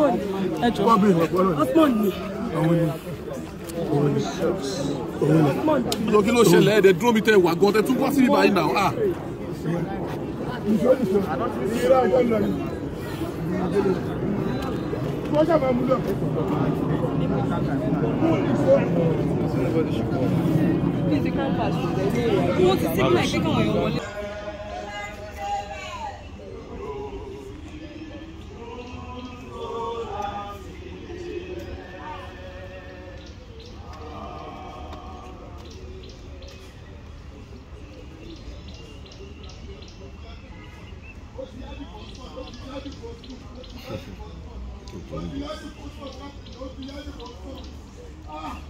osmond ẹjọ osmond ni. Ọjọ́ kí ló ṣẹlẹ̀ ẹ̀dẹ̀ dúró mi tẹ wà gan tẹ tún wá sí ibà yìí náà. Wọ́n ti sílẹ̀ pé káwọn èèyàn wọlé. ó ti lásìkò sọ ó ti lásìkò sọ.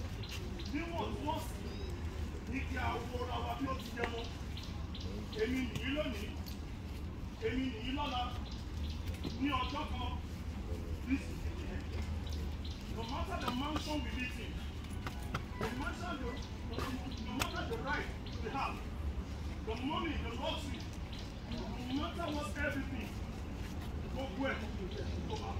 no matter the mansion we live no matter the right we have the money the luxury no matter what everything gbogbo ẹ̀ tó bá.